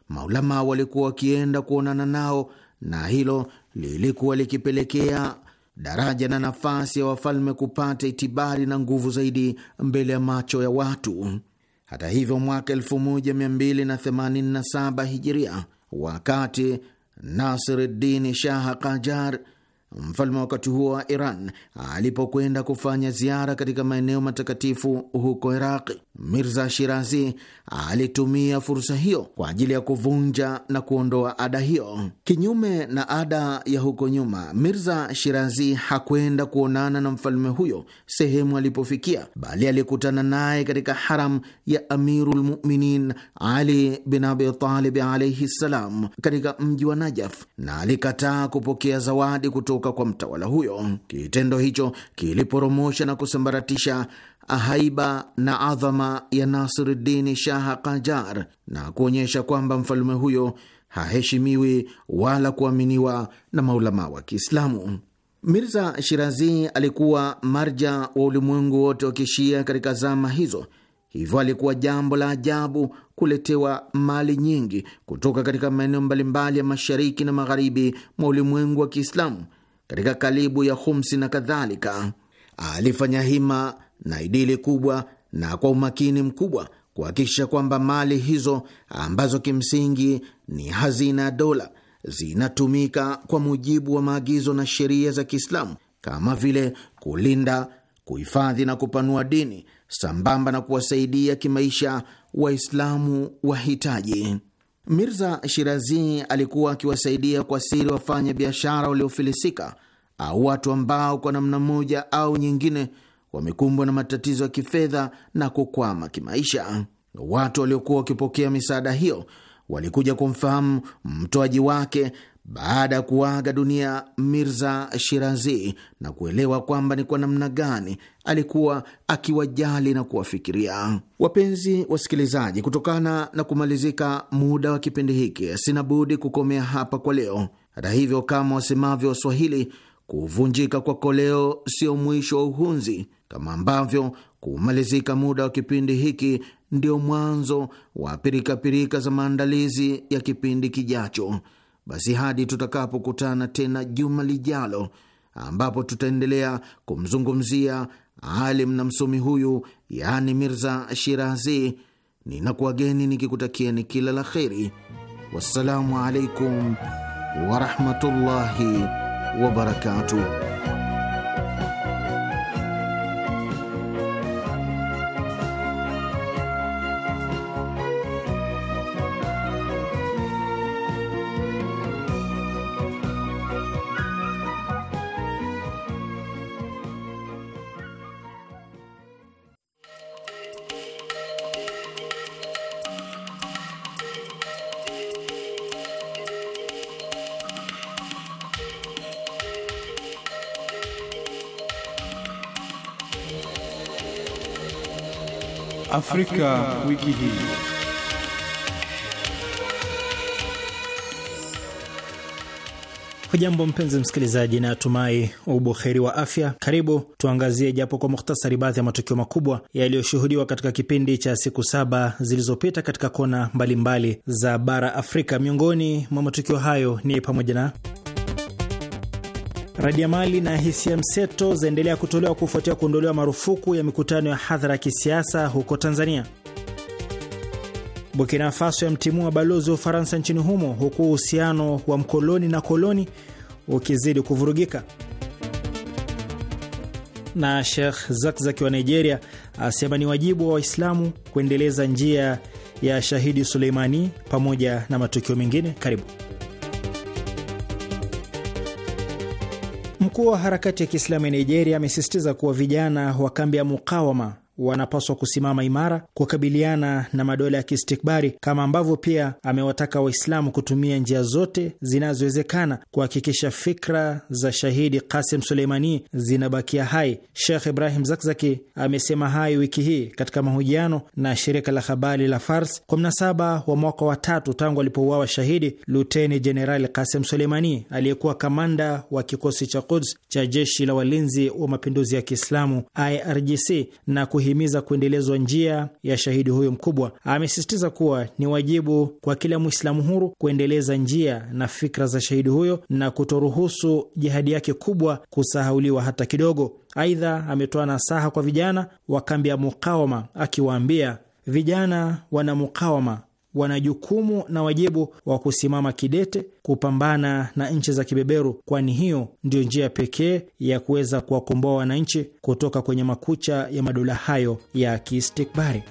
maulama walikuwa wakienda kuonana nao, na hilo lilikuwa likipelekea daraja na nafasi ya wafalme kupata itibari na nguvu zaidi mbele ya macho ya watu. Hata hivyo, mwaka 1287 hijiria, wakati Nasiruddin Shah Kajar Mfalme wakati huo wa Iran alipokwenda kufanya ziara katika maeneo matakatifu huko Iraqi, Mirza Shirazi alitumia fursa hiyo kwa ajili ya kuvunja na kuondoa ada hiyo. Kinyume na ada ya huko nyuma, Mirza Shirazi hakwenda kuonana na mfalme huyo sehemu alipofikia, bali alikutana naye katika haram ya Amiru lmuminin Ali bin Abitalib alaihi ssalam katika mji wa Najaf, na alikataa kupokea zawadi kutoka kuondoka kwa mtawala huyo. Kitendo hicho kiliporomosha na kusambaratisha haiba na adhama ya Nasiruddin Shah Kajar na kuonyesha kwamba mfalme huyo haheshimiwi wala kuaminiwa na maulama wa Kiislamu. Mirza Shirazi alikuwa marja wa ulimwengu wote wa Kishia katika zama hizo. Hivyo alikuwa jambo la ajabu kuletewa mali nyingi kutoka katika maeneo mbalimbali ya mashariki na magharibi mwa ulimwengu wa Kiislamu katika kalibu ya Khumsi na kadhalika. Alifanya hima na idili kubwa na kwa umakini mkubwa kuhakikisha kwamba mali hizo ambazo kimsingi ni hazina ya dola zinatumika kwa mujibu wa maagizo na sheria za Kiislamu kama vile kulinda, kuhifadhi na kupanua dini sambamba na kuwasaidia kimaisha Waislamu wahitaji. Mirza Shirazi alikuwa akiwasaidia kwa siri wafanya biashara waliofilisika au watu ambao kwa namna moja au nyingine wamekumbwa na matatizo ya kifedha na kukwama kimaisha. Watu waliokuwa wakipokea misaada hiyo walikuja kumfahamu mtoaji wake baada ya kuaga dunia Mirza Shirazi na kuelewa kwamba ni kwa namna gani alikuwa akiwajali na kuwafikiria wapenzi wasikilizaji, kutokana na kumalizika muda wa kipindi hiki, sina budi kukomea hapa kwa leo. Hata hivyo, kama wasemavyo Waswahili, kuvunjika kwa koleo sio mwisho wa uhunzi, kama ambavyo kumalizika muda wa kipindi hiki ndio mwanzo wa pirikapirika za maandalizi ya kipindi kijacho. Basi hadi tutakapokutana tena juma lijalo, ambapo tutaendelea kumzungumzia alim na msomi huyu, yaani Mirza Shirazi, ninakuwageni nikikutakieni kila la kheri. Wassalamu alaikum warahmatullahi wabarakatuh. Afrika, wiki hii. Hujambo mpenzi msikilizaji, na atumai ubuheri wa afya. Karibu tuangazie japo kwa muhtasari baadhi ya matukio makubwa yaliyoshuhudiwa katika kipindi cha siku saba zilizopita katika kona mbalimbali mbali za bara Afrika. Miongoni mwa matukio hayo ni pamoja na Radiamali na hisia mseto zaendelea kutolewa kufuatia kuondolewa marufuku ya mikutano ya hadhara ya kisiasa huko Tanzania. Burkina Faso yamtimua balozi wa Ufaransa nchini humo, huku uhusiano wa mkoloni na koloni ukizidi kuvurugika. Na Sheikh Zakzaki wa Nigeria asema ni wajibu wa Waislamu kuendeleza njia ya shahidi Suleimani, pamoja na matukio mengine. Karibu. Mkuu wa harakati ya Kiislamu ya Nigeria amesisitiza kuwa vijana wa kambi ya mukawama wanapaswa kusimama imara kukabiliana na madola ya kiistikbari, kama ambavyo pia amewataka Waislamu kutumia njia zote zinazowezekana kuhakikisha fikra za shahidi Kasim Suleimani zinabakia hai. shekh Ibrahim Zakzaki amesema hayo wiki hii katika mahojiano na shirika la habari la Fars kwa mnasaba wa mwaka wa tatu tangu alipouawa shahidi Luteni Jenerali Kasim Suleimani aliyekuwa kamanda wa kikosi cha Quds cha jeshi la walinzi wa mapinduzi ya Kiislamu IRGC na kuhimiza kuendelezwa njia ya shahidi huyo mkubwa. Amesisitiza kuwa ni wajibu kwa kila Mwislamu huru kuendeleza njia na fikra za shahidi huyo na kutoruhusu jihadi yake kubwa kusahauliwa hata kidogo. Aidha, ametoa nasaha kwa vijana wa kambi ya Mukawama akiwaambia vijana wana mukawama wana jukumu na wajibu wa kusimama kidete kupambana na nchi za kibeberu, kwani hiyo ndiyo njia pekee ya kuweza kuwakomboa wananchi kutoka kwenye makucha ya madola hayo ya kiistikbari.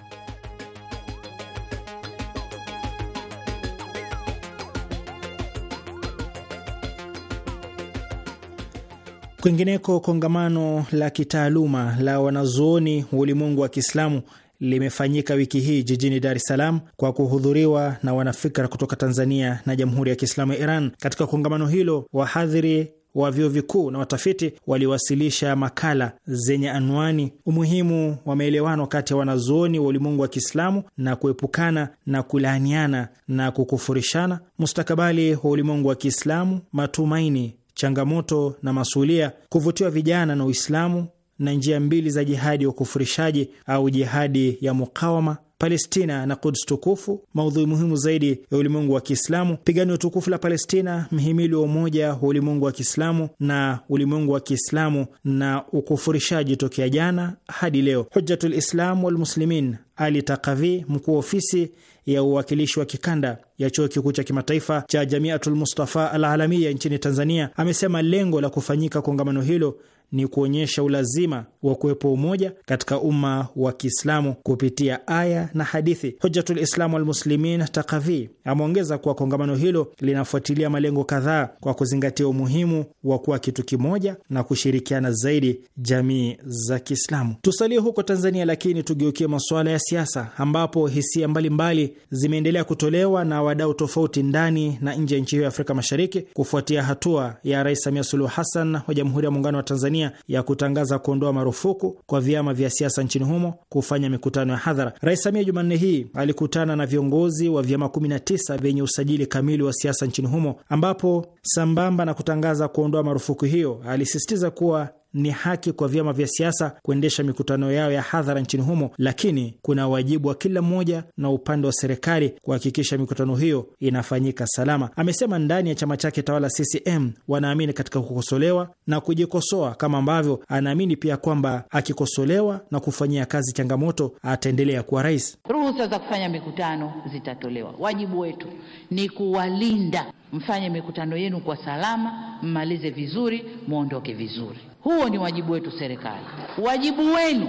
Kwingineko, kongamano la kitaaluma la wanazuoni ulimwengu wa Kiislamu limefanyika wiki hii jijini Dar es Salaam kwa kuhudhuriwa na wanafikra kutoka Tanzania na Jamhuri ya Kiislamu ya Iran. Katika kongamano hilo, wahadhiri wa vyuo vikuu na watafiti waliwasilisha makala zenye anwani umuhimu wa maelewano kati ya wanazuoni wa ulimwengu wa Kiislamu na kuepukana na kulaaniana na kukufurishana, mustakabali wa ulimwengu wa Kiislamu, matumaini, changamoto na masuulia, kuvutiwa vijana na Uislamu na njia mbili za jihadi ya ukufurishaji au jihadi ya mukawama, Palestina na Kuds tukufu, maudhui muhimu zaidi ya ulimwengu wa Kiislamu, piganio tukufu la Palestina, mhimili wa umoja wa ulimwengu wa Kiislamu na ulimwengu wa Kiislamu na ukufurishaji tokea jana hadi leo. Hujjatul Islam Walmuslimin Ali Takavi, mkuu wa ofisi ya uwakilishi wa kikanda ya chuo kikuu cha kimataifa cha Jamiatul Mustafa Al alamia nchini Tanzania, amesema lengo la kufanyika kongamano hilo ni kuonyesha ulazima wa kuwepo umoja katika umma wa Kiislamu kupitia aya na hadithi. Hujjatul Islamu Walmuslimin Takavi ameongeza kuwa kongamano hilo linafuatilia malengo kadhaa kwa kuzingatia umuhimu wa kuwa kitu kimoja na kushirikiana zaidi jamii za Kiislamu. Tusalie huko Tanzania, lakini tugeukie masuala ya siasa, ambapo hisia mbalimbali zimeendelea kutolewa na wadau tofauti ndani na nje ya nchi hiyo ya Afrika Mashariki kufuatia hatua ya Rais Samia Suluhu Hassan wa Jamhuri ya Muungano wa Tanzania Tanzania ya kutangaza kuondoa marufuku kwa vyama vya siasa nchini humo kufanya mikutano ya hadhara. Rais Samia Jumanne hii alikutana na viongozi wa vyama 19 vyenye usajili kamili wa siasa nchini humo, ambapo sambamba na kutangaza kuondoa marufuku hiyo, alisisitiza kuwa ni haki kwa vyama vya siasa kuendesha mikutano yao ya hadhara nchini humo, lakini kuna wajibu wa kila mmoja na upande wa serikali kuhakikisha mikutano hiyo inafanyika salama, amesema. Ndani ya chama chake tawala CCM wanaamini katika kukosolewa na kujikosoa, kama ambavyo anaamini pia kwamba akikosolewa na kufanyia kazi changamoto ataendelea kuwa rais. Ruhusa za kufanya mikutano zitatolewa. Wajibu wetu ni kuwalinda mfanye mikutano yenu kwa salama, mmalize vizuri, mwondoke vizuri. Huo ni wajibu wetu serikali. Wajibu wenu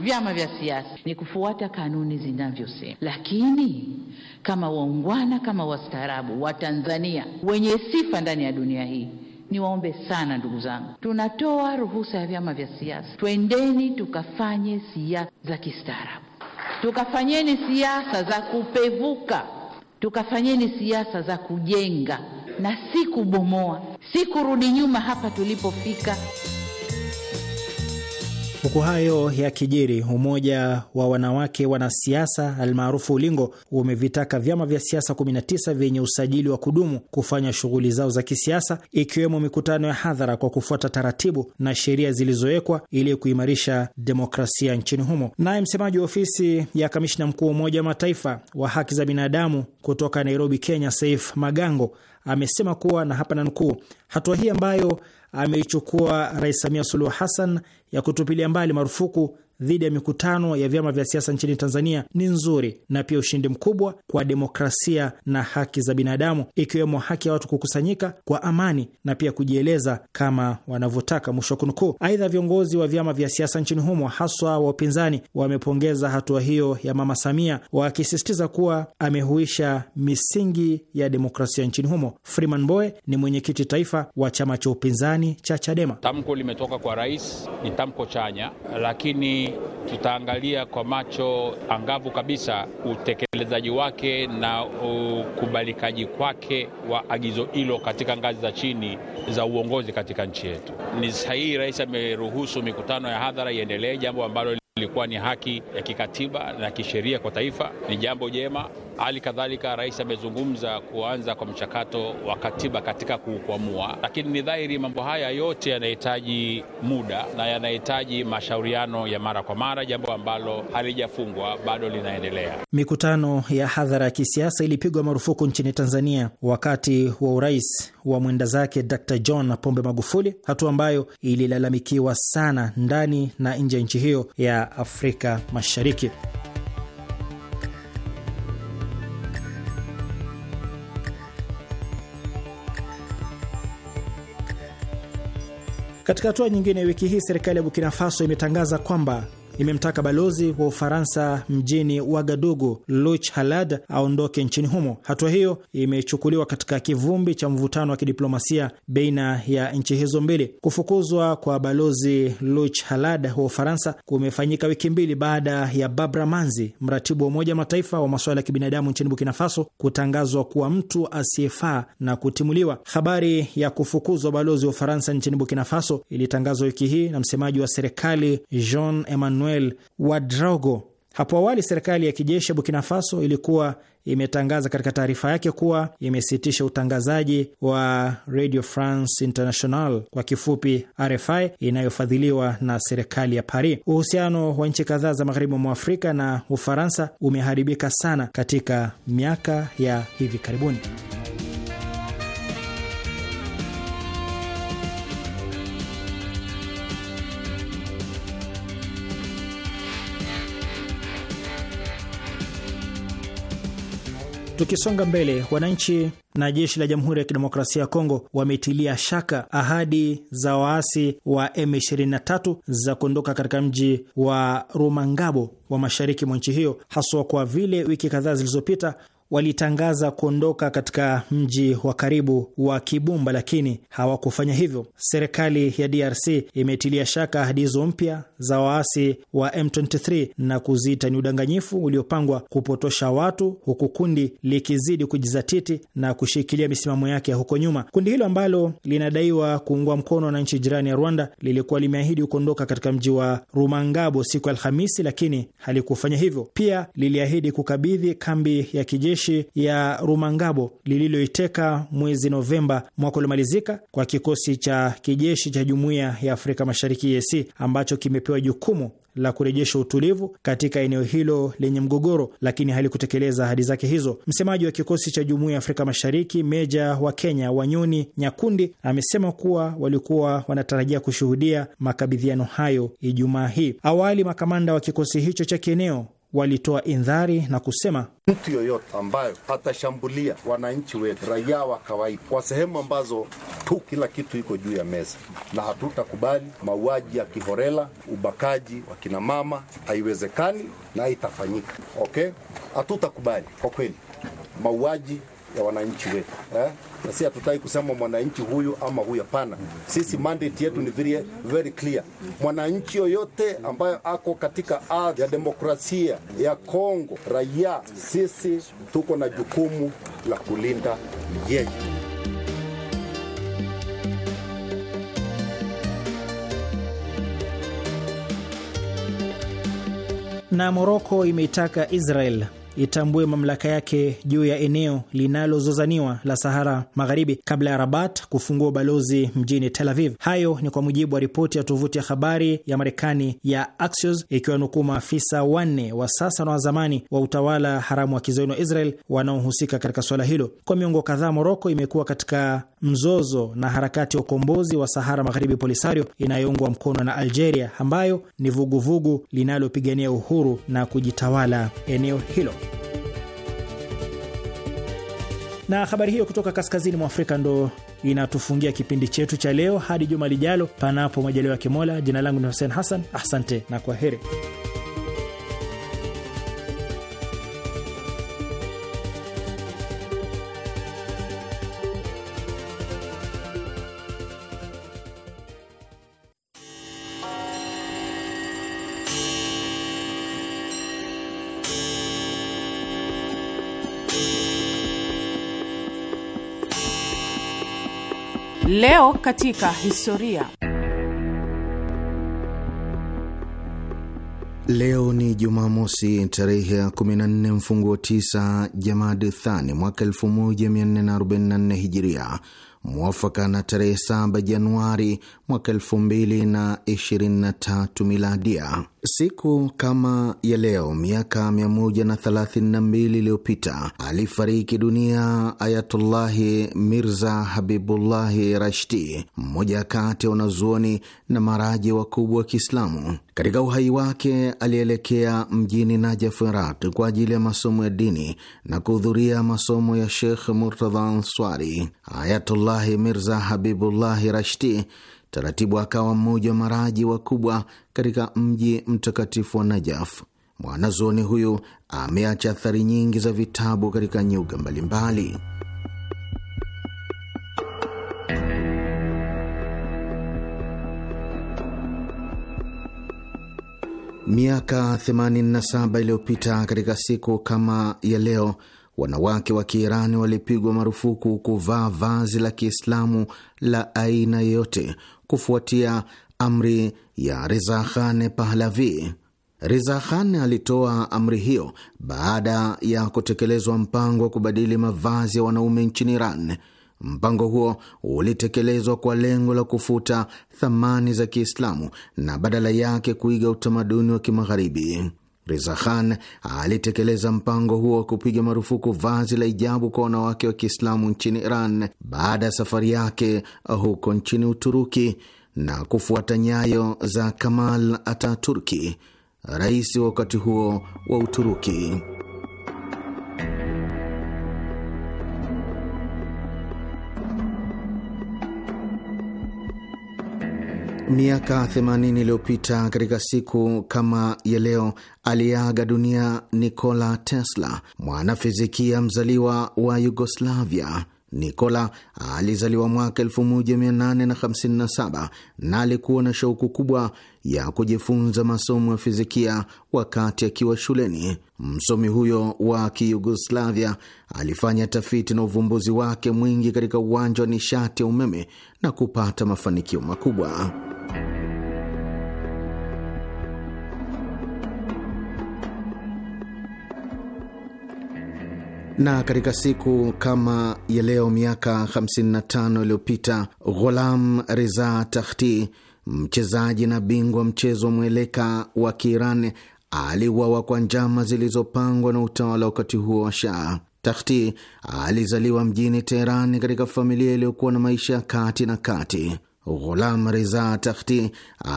vyama vya siasa ni kufuata kanuni zinavyosema, lakini kama waungwana, kama wastaarabu wa Tanzania wenye sifa ndani ya dunia hii Niwaombe sana ndugu zangu, tunatoa ruhusa ya vyama vya siasa, twendeni tukafanye siasa za kistaarabu, tukafanyeni siasa za kupevuka tukafanyeni siasa za kujenga na si kubomoa, si kurudi nyuma hapa tulipofika. Huku hayo ya kijiri, umoja wa wanawake wanasiasa almaarufu Ulingo umevitaka vyama vya siasa 19 vyenye usajili wa kudumu kufanya shughuli zao za kisiasa, ikiwemo mikutano ya hadhara kwa kufuata taratibu na sheria zilizowekwa ili kuimarisha demokrasia nchini humo. Naye msemaji wa ofisi ya kamishna mkuu wa Umoja wa Mataifa wa haki za binadamu kutoka Nairobi, Kenya, Saif Magango amesema kuwa na hapa na nukuu, hatua hii ambayo ameichukua Rais Samia Suluhu Hassan ya kutupilia mbali marufuku dhidi ya mikutano ya vyama vya siasa nchini Tanzania ni nzuri na pia ushindi mkubwa kwa demokrasia na haki za binadamu, ikiwemo haki ya watu kukusanyika kwa amani na pia kujieleza kama wanavyotaka, mwisho wa kunukuu. Aidha, viongozi wa vyama vya siasa nchini humo haswa wa upinzani wamepongeza hatua hiyo ya Mama Samia, wakisisitiza kuwa amehuisha misingi ya demokrasia nchini humo. Freeman Mbowe ni mwenyekiti taifa wa chama cha upinzani cha Chadema. Tamko limetoka kwa rais, ni tamko chanya, lakini tutaangalia kwa macho angavu kabisa utekelezaji wake na ukubalikaji kwake wa agizo hilo katika ngazi za chini za uongozi katika nchi yetu. Ni sahihi, rais ameruhusu mikutano ya hadhara iendelee, jambo ambalo lilikuwa ni haki ya kikatiba na kisheria kwa taifa, ni jambo jema. Hali kadhalika rais amezungumza kuanza kwa mchakato wa katiba katika kuukwamua, lakini ni dhahiri mambo haya yote yanahitaji muda na yanahitaji mashauriano ya mara kwa mara, jambo ambalo halijafungwa bado linaendelea. Mikutano ya hadhara ya kisiasa ilipigwa marufuku nchini Tanzania wakati wa urais wa mwenda zake Dr John Pombe Magufuli, hatua ambayo ililalamikiwa sana ndani na nje ya nchi hiyo ya Afrika Mashariki. Katika hatua nyingine, wiki hii serikali ya Burkina Faso imetangaza kwamba imemtaka balozi wa Ufaransa mjini Wagadugu Luch Halad aondoke nchini humo. Hatua hiyo imechukuliwa katika kivumbi cha mvutano wa kidiplomasia baina ya nchi hizo mbili. Kufukuzwa kwa balozi Luch Halad wa Ufaransa kumefanyika wiki mbili baada ya Babra Manzi, mratibu wa Umoja Mataifa wa masuala ya kibinadamu nchini Burkina Faso, kutangazwa kuwa mtu asiyefaa na kutimuliwa. Habari ya kufukuzwa balozi wa Ufaransa nchini Burkina Faso ilitangazwa wiki hii na msemaji wa serikali Jean Emmanuel Samuel Wadrogo. Hapo awali serikali ya kijeshi ya Burkina Faso ilikuwa imetangaza katika taarifa yake kuwa imesitisha utangazaji wa Radio France International kwa kifupi RFI inayofadhiliwa na serikali ya Paris. Uhusiano wa nchi kadhaa za magharibi mwa Afrika na Ufaransa umeharibika sana katika miaka ya hivi karibuni. Tukisonga mbele, wananchi na jeshi la Jamhuri ya Kidemokrasia ya Kongo wametilia shaka ahadi za waasi wa M23 za kuondoka katika mji wa Rumangabo wa mashariki mwa nchi hiyo, haswa kwa vile wiki kadhaa zilizopita walitangaza kuondoka katika mji wa karibu wa Kibumba, lakini hawakufanya hivyo. Serikali ya DRC imetilia shaka ahadi hizo mpya za waasi wa M23 na kuziita ni udanganyifu uliopangwa kupotosha watu, huku kundi likizidi kujizatiti na kushikilia misimamo yake ya huko nyuma. Kundi hilo ambalo linadaiwa kuungwa mkono na nchi jirani ya Rwanda lilikuwa limeahidi kuondoka katika mji wa Rumangabo siku ya Alhamisi, lakini halikufanya hivyo. Pia liliahidi kukabidhi kambi ya kijeshi majeshi ya Rumangabo lililoiteka mwezi Novemba mwaka uliomalizika kwa kikosi cha kijeshi cha Jumuiya ya Afrika Mashariki EAC ambacho kimepewa jukumu la kurejesha utulivu katika eneo hilo lenye mgogoro, lakini halikutekeleza ahadi zake hizo. Msemaji wa kikosi cha Jumuiya ya Afrika Mashariki, meja wa Kenya Wanyoni Nyakundi, amesema kuwa walikuwa wanatarajia kushuhudia makabidhiano hayo Ijumaa hii. Awali makamanda wa kikosi hicho cha kieneo walitoa indhari na kusema, mtu yoyote ambayo atashambulia wananchi wetu, raia wa kawaida, kwa sehemu ambazo tu kila kitu iko juu ya meza, na hatutakubali mauaji ya kihorela, ubakaji wa kinamama, haiwezekani na itafanyika. Okay, hatutakubali kwa kweli mauaji ya wananchi wetu eh? Na si hatutaki kusema mwananchi huyu ama huyu, hapana. Sisi mandate yetu ni very, very clear. Mwananchi yoyote ambayo ako katika ardhi ya demokrasia ya Kongo, raia, sisi tuko na jukumu la kulinda yeye. na Moroko imeitaka Israel itambue mamlaka yake juu ya eneo linalozozaniwa la Sahara Magharibi kabla ya Rabat kufungua ubalozi mjini Tel Aviv. Hayo ni kwa mujibu wa ripoti ya tovuti ya habari ya Marekani ya Axios, ikiwa nukuu maafisa wanne wa sasa na wa zamani wa utawala haramu wa kizayuni wa Israel wanaohusika katika suala hilo. Kwa miongo kadhaa, Moroko imekuwa katika mzozo na harakati ya ukombozi wa Sahara Magharibi, Polisario, inayoungwa mkono na Algeria, ambayo ni vuguvugu linalopigania uhuru na kujitawala eneo hilo. Na habari hiyo kutoka kaskazini mwa Afrika ndo inatufungia kipindi chetu cha leo. Hadi juma lijalo, panapo majaliwa ya Kimola. Jina langu ni Hussein Hassan, asante na kwa heri. Leo katika historia. Leo ni Jumamosi, tarehe ya 14 mfunguo 9 Jamadi Thani mwaka 1444 Hijiria, mwafaka na tarehe 7 Januari mwaka tatu miladia. Siku kama ya leo miaka 132 iliyopita alifariki dunia Ayatullahi Mirza Habibullahi Rashti, mmoja kati ya wanazuoni na maraji wakubwa wa Kiislamu. Katika uhai wake alielekea mjini Najaf, Iraq, kwa ajili ya masomo ya dini na kuhudhuria masomo ya Shekh Murtadha Answari, Ayatullahi Mirza Habibullahi Rashti. Taratibu akawa mmoja wa maraji wakubwa katika mji mtakatifu wa Najaf. Mwanazuoni huyu ameacha athari nyingi za vitabu katika nyuga mbalimbali mbali. Miaka 87 iliyopita katika siku kama ya leo, wanawake wa Kiirani walipigwa marufuku kuvaa vazi la Kiislamu la aina yoyote kufuatia amri ya Reza Khan Pahlavi. Reza Khan alitoa amri hiyo baada ya kutekelezwa mpango wa kubadili mavazi ya wanaume nchini Iran. Mpango huo ulitekelezwa kwa lengo la kufuta thamani za Kiislamu na badala yake kuiga utamaduni wa Kimagharibi. Reza Khan alitekeleza mpango huo wa kupiga marufuku vazi la hijabu kwa wanawake wa Kiislamu nchini Iran baada ya safari yake huko nchini Uturuki na kufuata nyayo za Kamal Ataturki, rais wa wakati huo wa Uturuki. Miaka 80 iliyopita katika siku kama ya leo aliaga dunia Nikola Tesla, mwanafizikia mzaliwa wa Yugoslavia. Nikola alizaliwa mwaka 1857 na alikuwa na shauku kubwa ya kujifunza masomo ya fizikia wakati akiwa shuleni. Msomi huyo wa Kiyugoslavia alifanya tafiti na uvumbuzi wake mwingi katika uwanja wa nishati ya umeme na kupata mafanikio makubwa. na katika siku kama ya leo miaka 55 iliyopita Ghulam Reza Takhti mchezaji na bingwa mchezo wa mweleka wa Kiiran aliuawa kwa njama zilizopangwa na utawala wakati huo wa Shah. Takhti alizaliwa mjini Teherani katika familia iliyokuwa na maisha ya kati na kati. Ghulam riza Takhti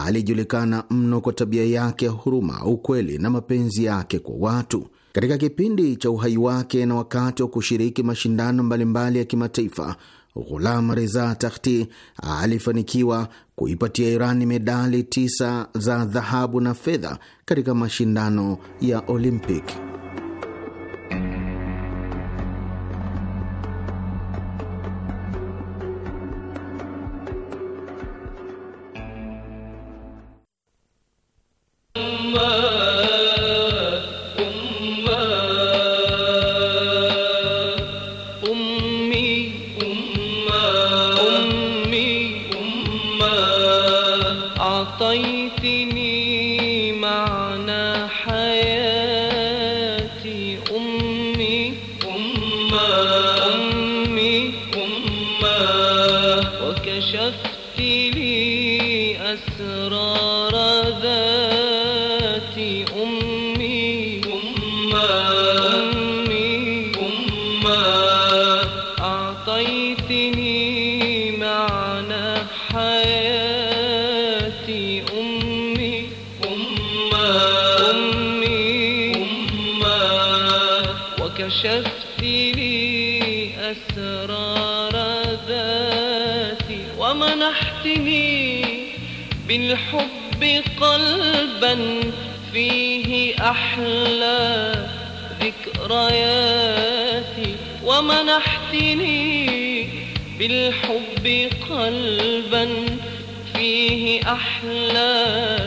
alijulikana mno kwa tabia yake ya huruma, ukweli na mapenzi yake kwa watu. Katika kipindi cha uhai wake na wakati wa kushiriki mashindano mbalimbali ya kimataifa, Ghulam Reza Takhti alifanikiwa kuipatia Irani medali tisa za dhahabu na fedha katika mashindano ya Olimpiki. الحب قلبا فيه أحلى ذكرياتي ومنحتني بالحب قلبا فيه أحلى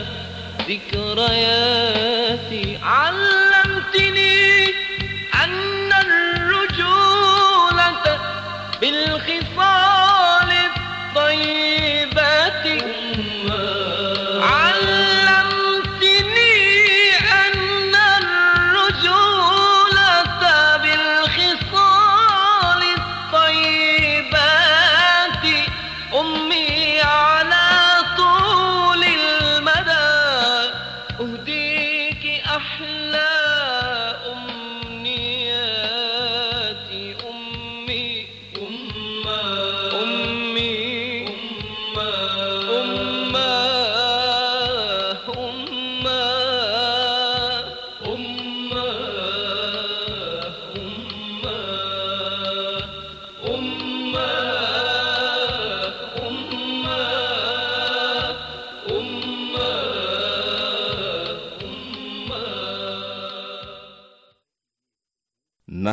ذكرياتي